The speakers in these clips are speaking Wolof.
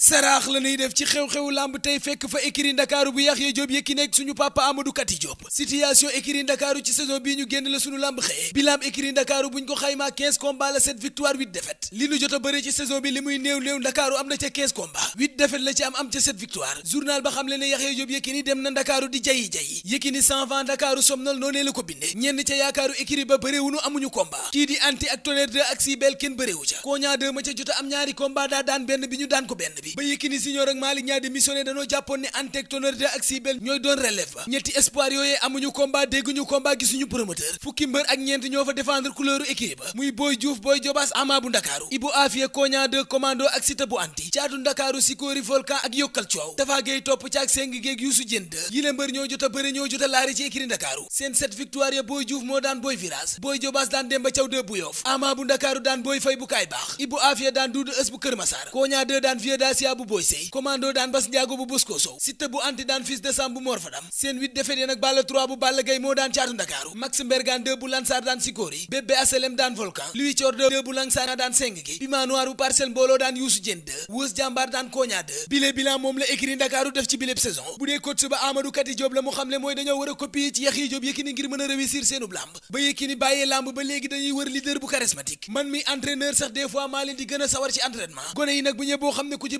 saraax la ñuy def ci xew-xewu lamb tey fekk fa écurie ndakaaru bu Yaxya Jóob Yékini ak suñu papa Amadou Kati Jóob situation écurie ndakaaru ci saison bii ñu génn la suñu lamb xëyee bilaam écurie ndakaaru buñ ko xaymaa 15 combats la 7 victoire 8 défaites li nu jot a ci saison bi li muy néew néew ndakaaru am na ca 15 combats 8 la ci am am ca 7 victoire journal ba xam le ne Yaxya Jóob Yékini dem na ndakaaru di jayi jayi Yékini s'en va ndakaaru ko bindee ñenn ca yaakaaru écurie ba bëreewunu amuñu combat kii di anti jot am ñaari combat daa daan ñu daan ko benn bi ba Yékini Senior ak Malick Niang di missionné dañoo jàppoon ne Antec Tonnerre 2 ak Sibel ñooy doon relève ba ñetti espoir yooyee amuñu combat dégguñu combat gisuñu promoteur fukki mbër ak ñeent ñoo fa défendre couleur équipe ba muy Boy Diouf Boy Jobaas Ama bu Ndakaaru Ibu Afia Koña 2 commando ak Sita bu anti caatu Ndakaaru Sikori Volcan ak yokkal coow Tafa Gueye topp caak Ndakaaru seen sept victoire ya Boy Diouf moo daan Boy Ndakaaru daan Garcia daan Bas Njaago bu Bosco Sow Siteu bu anti daan fils de Sam bu Mor seen huit défaites yi nag Balla 3 bu Balla Gaye moo daan caatu Ndakaaru Max Mbergan 2 bu Lansar daan Sikori Bébé Aselem daan Volcan Louis Thior 2 bu Lansana daan seng gi Pima Noir bu Parcelles Mbooloo daan Youssou Dieng 2 Wës Jàmbaar daan Koña 2 bile bilan moom la écrit Ndakaaru def ci bileb saison bu dee coach ba Amadou Kati Diop la mu xamle mooy dañoo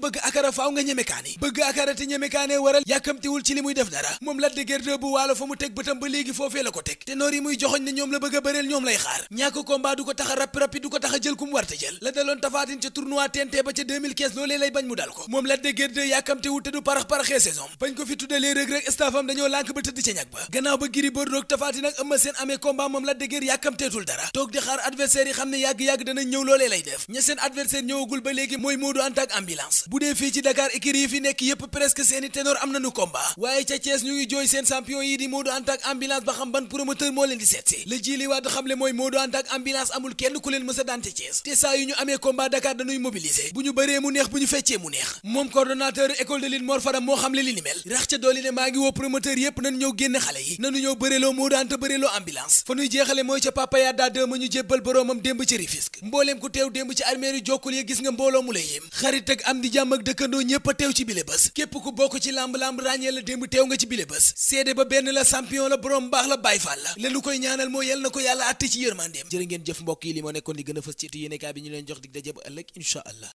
war bëgg akara faaw nga ñeme kaani bëgg akara te ñeme kaanee waral yàkkamtiwul ci li muy def dara moom Lac de bu waalo fa mu teg bëtam ba léegi foofee la ko teg te noor yi muy joxoñ ne ñoom la bëgg a bëreel ñoom lay xaar ñàkk combat du ko tax rappi rappi du ko tax jël ku mu jël la daloon tafaatin ca tournoi TNT ba ca loolee lay bañ mu dal ko moom Lac de Guiers te du parax paraxee saison bañ ko fi tuddalee rek rek staffam dañoo bu dee fii ci Dakar écurie yi fi nekk yépp presque seeni ténor am nañu combat waaye ca Thiès ñu ngi jooy seen champion yi di Modou Anta ambulance ba xam ban promoteur moo leen di seet si la jili waat xamle mooy Modou Anta ambulance amul kenn ku leen mës a daan te saa yu ñu amee combat Dakar dañuy mobiliser bu ñu bëree mu neex bu ñu feccee mu neex moom coordonnateur école de lin Mor moo xamle li ni rax ca dooli ne maa ngi woo promoteur magam ak dëkkandoo ñépp a teew ci bile bés képp ku bokk ci lamb-lamb ràññee la démb teew nga ci bile bés seede ba benn la champion la borom baax la Baay Faal la lenu koy ñaanal moo yal na ko yàlla àtte ci yërmandeem jërë ngeen jëf mbokk yi li moo li gën a fës ci tu yéenekaay bi ñu leen jox dig daje ba ëllëg allah